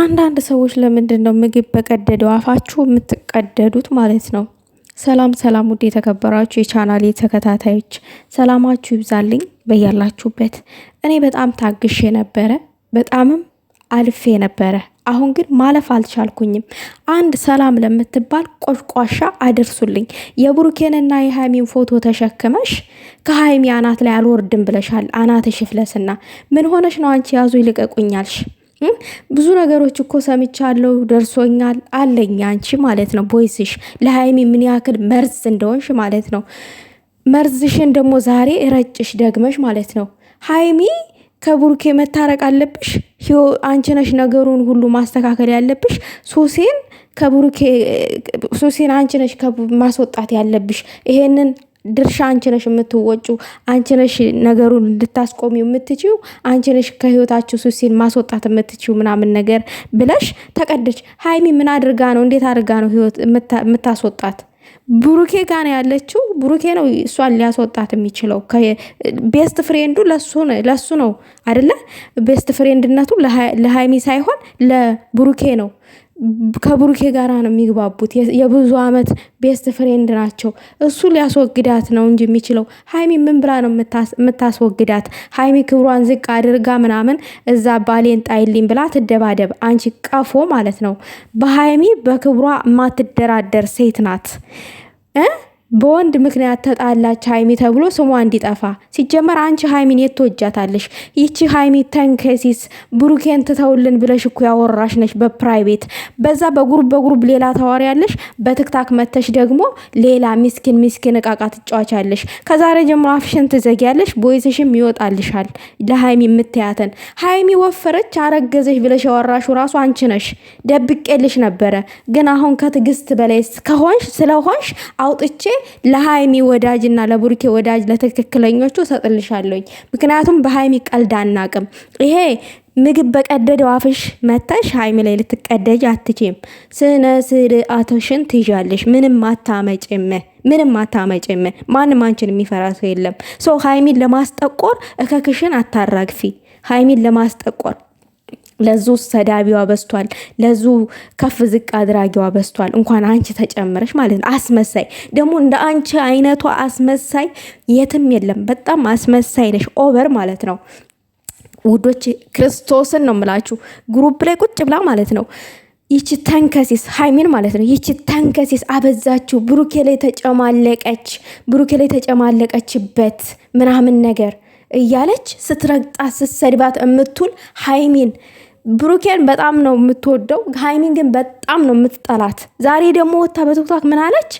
አንዳንድ ሰዎች ለምንድን ነው ምግብ በቀደደው አፋችሁ የምትቀደዱት ማለት ነው? ሰላም ሰላም፣ ውድ የተከበራችሁ የቻናሌ ተከታታዮች ሰላማችሁ ይብዛልኝ በያላችሁበት። እኔ በጣም ታግሼ ነበረ፣ በጣምም አልፌ ነበረ። አሁን ግን ማለፍ አልቻልኩኝም። አንድ ሰላም ለምትባል ቆሽቋሻ አድርሱልኝ። የብሩኬንና የሃይሚን ፎቶ ተሸክመሽ ከሃይሚ አናት ላይ አልወርድም ብለሻል። አናትሽ ይፍለስና ምን ሆነሽ ነው አንቺ? ያዙ ይልቀቁኛልሽ ብዙ ነገሮች እኮ ሰምቻለሁ፣ ደርሶኛል አለኝ። አንቺ ማለት ነው ቦይስሽ ለሀይሚ ምን ያክል መርዝ እንደሆንሽ ማለት ነው። መርዝሽን ደግሞ ዛሬ ረጭሽ ደግመሽ ማለት ነው ሀይሚ ከቡርኬ መታረቅ አለብሽ። አንቺ ነሽ ነገሩን ሁሉ ማስተካከል ያለብሽ። ሶሴን ከቡርኬ ሶሴን አንቺ ነሽ ማስወጣት ያለብሽ ይሄንን ድርሻ አንቺ ነሽ አንችነሽ አንቺ ነሽ ነገሩን እንድታስቆሚ የምትችው፣ አንቺ ነሽ ከህይወታችሁ ሱሲን ማስወጣት የምትችው ምናምን ነገር ብለሽ ተቀደች። ሀይሚ ምን አድርጋ ነው? እንዴት አድርጋ ነው ህይወት የምታስወጣት? ብሩኬ ጋ ነው ያለችው። ብሩኬ ነው እሷን ሊያስወጣት የሚችለው። ቤስት ፍሬንዱ ለሱ ነው አደለ? ቤስት ፍሬንድነቱ ለሀይሚ ሳይሆን ለብሩኬ ነው። ከብሩኬ ጋራ ነው የሚግባቡት። የብዙ አመት ቤስት ፍሬንድ ናቸው። እሱ ሊያስወግዳት ነው እንጂ የሚችለው ሀይሚ ምን ብላ ነው የምታስወግዳት? ሀይሚ ክብሯን ዝቅ አድርጋ ምናምን እዛ ባሌን ጣይልኝ ብላ ትደባደብ። አንቺ ቀፎ ማለት ነው። በሀይሚ በክብሯ የማትደራደር ሴት ናት። በወንድ ምክንያት ተጣላች ሀይሚ ተብሎ ስሟ እንዲጠፋ። ሲጀመር አንቺ ሀይሚን የት ትወጃታለሽ? ይቺ ሀይሚ ተንከሲስ ብሩኬን ትተውልን ብለሽ እኮ ያወራሽ ነች በፕራይቬት በዛ በጉሩብ በጉሩብ ሌላ ታዋሪ ያለሽ፣ በትክታክ መተሽ ደግሞ ሌላ ሚስኪን ሚስኪን እቃቃ ትጫዋቻለሽ። ከዛሬ ጀምሮ አፍሽን ትዘጊያለሽ፣ ቦይስሽም ይወጣልሻል። ለሀይሚ የምትያተን ሀይሚ ወፈረች አረገዘሽ ብለሽ ያወራሹ ራሱ አንቺ ነሽ። ደብቄልሽ ነበረ ግን አሁን ከትዕግስት በላይ ከሆንሽ ስለሆንሽ አውጥቼ ለሀይሚ እና ለቡርኬ ወዳጅ ለትክክለኞቹ ሰጥልሻለኝ። ምክንያቱም በሀይሚ ቀልድ አናቅም። ይሄ ምግብ በቀደደው አፍሽ መተሽ ሀይሚ ላይ ልትቀደጅ አትችም። ስነ ስርዓትሽን ትይዣለሽ። ምንም አታመጭም፣ ምንም አታመጭም። ማንም አንቺን የሚፈራ ሰው የለም። ሶ ሀይሚን ለማስጠቆር እከክሽን አታራግፊ። ሀይሚን ለማስጠቆር ለዙ ሰዳቢዋ በዝቷል። ለዙ ከፍ ዝቅ አድራጊዋ በስቷል እንኳን አንቺ ተጨምረሽ ማለት ነው። አስመሳይ ደግሞ እንደ አንቺ አይነቷ አስመሳይ የትም የለም። በጣም አስመሳይ ነሽ፣ ኦቨር ማለት ነው። ውዶች ክርስቶስን ነው ምላችሁ። ግሩፕ ላይ ቁጭ ብላ ማለት ነው ይቺ ተንከሲስ ሀይሚን ማለት ነው። ይቺ ተንከሲስ አበዛችሁ። ብሩኬ ላይ ተጨማለቀች፣ ብሩኬ ላይ ተጨማለቀችበት ምናምን ነገር እያለች ስትረግጣት ስትሰድባት የምትውል ሀይሚን ብሩኬን በጣም ነው የምትወደው፣ ሀይሚን ግን በጣም ነው የምትጠላት። ዛሬ ደግሞ ወታ በትክታክ ምን አለች?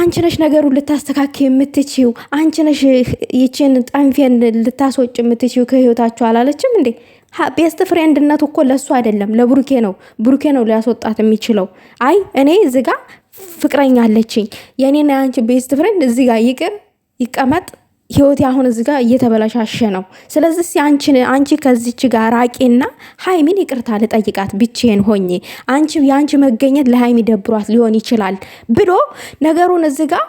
አንቺ ነሽ ነገሩን ልታስተካክ የምትችው፣ አንቺ ነሽ ይችን ጠንፌን ልታስወጭ የምትችው ከህይወታችሁ አላለችም እንዴ? ቤስት ፍሬንድነት እኮ ለሱ አይደለም ለብሩኬ ነው። ብሩኬ ነው ሊያስወጣት የሚችለው። አይ እኔ እዚጋ ፍቅረኛ አለችኝ የእኔና የአንቺ ቤስት ፍሬንድ እዚጋ ይቅር ይቀመጥ ህይወቴ አሁን እዚ ጋር እየተበላሻሸ ነው። ስለዚህ አንቺን አንቺ ከዚች ጋር ራቂና ሀይሚን ይቅርታ ልጠይቃት ብቼን ሆኜ አንቺ የአንቺ መገኘት ለሀይሚ ደብሯት ሊሆን ይችላል ብሎ ነገሩን እዚ ጋር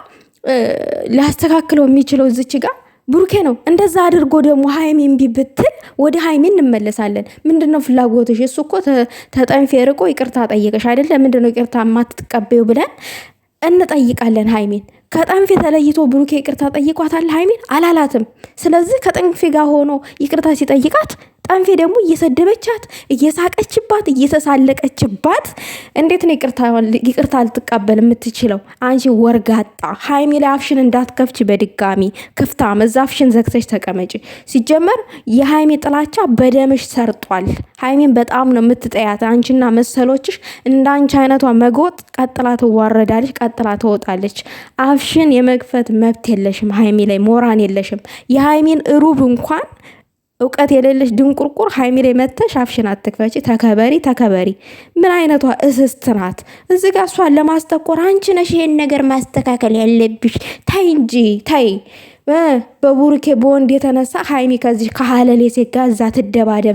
ሊያስተካክለው የሚችለው እዚች ጋር ብሩኬ ነው። እንደዛ አድርጎ ደግሞ ሀይሚ ቢብትል ብትል ወደ ሀይሚ እንመለሳለን። ምንድነው ፍላጎትሽ? እሱ እኮ ተጠንፌ ርቆ ይቅርታ ጠየቀሽ አይደለ? ምንድነው ይቅርታ የማትቀበዩ ብለን እንጠይቃለን ሀይሚን ከጠንፌ ተለይቶ ብሩኬ ይቅርታ ጠይቋታል ሀይሚን አላላትም። ስለዚህ ከጠንፌ ጋር ሆኖ ይቅርታ ሲጠይቃት ጠንፌ ደግሞ እየሰደበቻት፣ እየሳቀችባት፣ እየተሳለቀችባት እንዴት ነው ይቅርታ ልትቀበል የምትችለው? አንቺ ወርጋጣ ሀይሚ ላይ አፍሽን እንዳትከፍች በድጋሚ ክፍታ መዛ አፍሽን ዘግተች ተቀመጭ። ሲጀመር የሀይሚ ጥላቻ በደምሽ ሰርጧል። ሀይሚን በጣም ነው የምትጠያት። አንቺና መሰሎችሽ እንዳንቺ አይነቷ መጎጥ ቀጥላ ትዋረዳለች፣ ቀጥላ ትወጣለች። አፍሽን የመግፈት መብት የለሽም። ሀይሚ ላይ ሞራን የለሽም። የሀይሚን እሩብ እንኳን እውቀት የሌለሽ ድንቁርቁር ሀይሚ ላይ መተሽ አፍሽን አትክፈች። ተከበሪ ተከበሪ። ምን አይነቷ እስስት ናት? እዚ ጋ እሷን ለማስጠቆር አንቺ ነሽ ይሄን ነገር ማስተካከል ያለብሽ። ታይ እንጂ ታይ በቡርኬ በወንድ የተነሳ ሀይሚ ከዚህ ከሀለሌ ሴት ጋር እዛ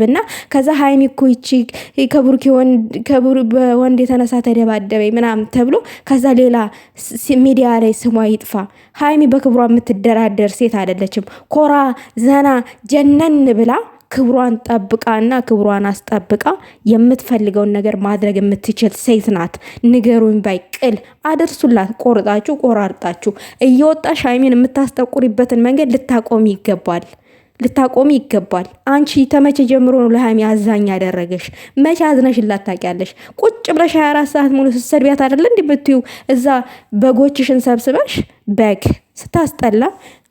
እና ከዛ ሀይሚ እኮ ይቺ በወንድ የተነሳ ተደባደበ ምናምን ተብሎ ከዛ ሌላ ሚዲያ ላይ ስሟ ይጥፋ። ሀይሚ በክብሯ የምትደራደር ሴት አይደለችም። ኮራ ዘና ጀነን ብላ ክብሯን ጠብቃ እና ክብሯን አስጠብቃ የምትፈልገውን ነገር ማድረግ የምትችል ሴት ናት። ንገሩኝ ባይ ቅል አደርሱላት። ቆርጣችሁ ቆራርጣችሁ እየወጣሽ ሀይሚን የምታስጠቁሪበትን መንገድ ልታቆሚ ይገባል ልታቆሚ ይገባል። አንቺ ተመቼ ጀምሮ ነው ለሀይሚ አዛኝ ያደረገሽ? መቼ አዝነሽላት ታውቂያለሽ? ቁጭ ብለሽ 24 ሰዓት ሙሉ ስትሰድቢያት አይደለ እንዲህ ብትዩ እዛ በጎችሽን ሰብስበሽ በግ ስታስጠላ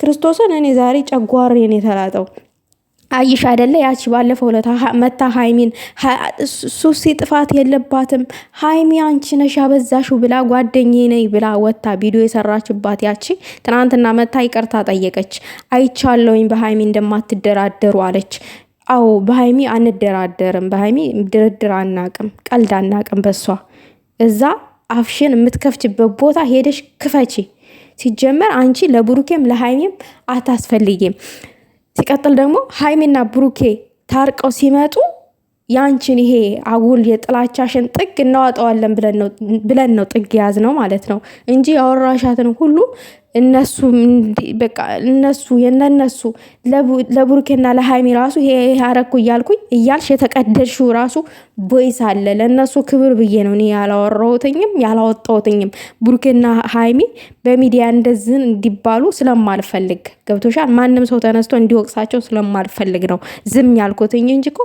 ክርስቶስን እኔ ዛሬ ጨጓሬን የተላጠው አይሽ አይደለ ያቺ ባለፈው ለታ መታ ሃይሚን ሱሲ ጥፋት የለባትም ሀይሚ አንቺ ነሽ ያበዛሽው ብላ ጓደኛዬ ነኝ ብላ ወታ ቪዲዮ የሰራችባት ያቺ ትናንትና መታ ይቅርታ ጠየቀች። አይቻለውኝ በሀይሚ እንደማትደራደሩ አለች። አዎ በሃይሚ አንደራደርም፣ በሃይሚ ድርድር አናቅም፣ ቀልድ አናቅም በሷ እዛ አፍሽን የምትከፍችበት ቦታ ሄደሽ ክፈቺ። ሲጀመር አንቺ ለብሩኬም ለሃይሚም አታስፈልጊም። ሲቀጥል ደግሞ ሀይሜና ብሩኬ ታርቀው ሲመጡ ያንቺን ይሄ አጉል የጥላቻሽን ጥግ እናዋጠዋለን ብለን ነው ጥግ ነው ማለት ነው እንጂ ያወራሻትን ሁሉ እነሱ በቃ እነሱ የነነሱ ለቡርኬና ለሃይሚ ራሱ ይሄ እያልኩኝ እያልሽ የተቀደድሽው ራሱ ቦይስ አለ። ለእነሱ ክብር ብዬ ነው እኔ ያላወራሁትኝም ያላወጣሁትኝም። ቡርኬና ሃይሚ በሚዲያ እንደዝን እንዲባሉ ስለማልፈልግ ገብቶሻል። ማንም ሰው ተነስቶ እንዲወቅሳቸው ስለማልፈልግ ነው ዝም ያልኩትኝ እንጂ እኮ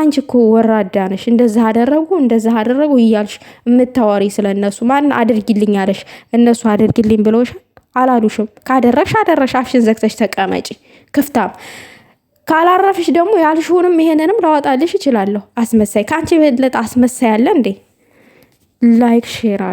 አንቺ እኮ ወራዳ ነሽ። እንደዚህ አደረጉ እንደዚህ አደረጉ እያልሽ የምታወሪ ስለነሱ ማን አድርጊልኝ አለሽ? እነሱ አድርጊልኝ ብለውሻል። አላሉሽም። ካደረግሽ አደረሽ፣ አፍሽን ዘግተሽ ተቀመጪ ክፍታም። ካላረፍሽ ደግሞ ያልሽውንም ይሄንንም ላወጣልሽ እችላለሁ። አስመሳይ፣ ከአንቺ የበለጠ አስመሳይ አለ እንዴ? ላይክ ሼር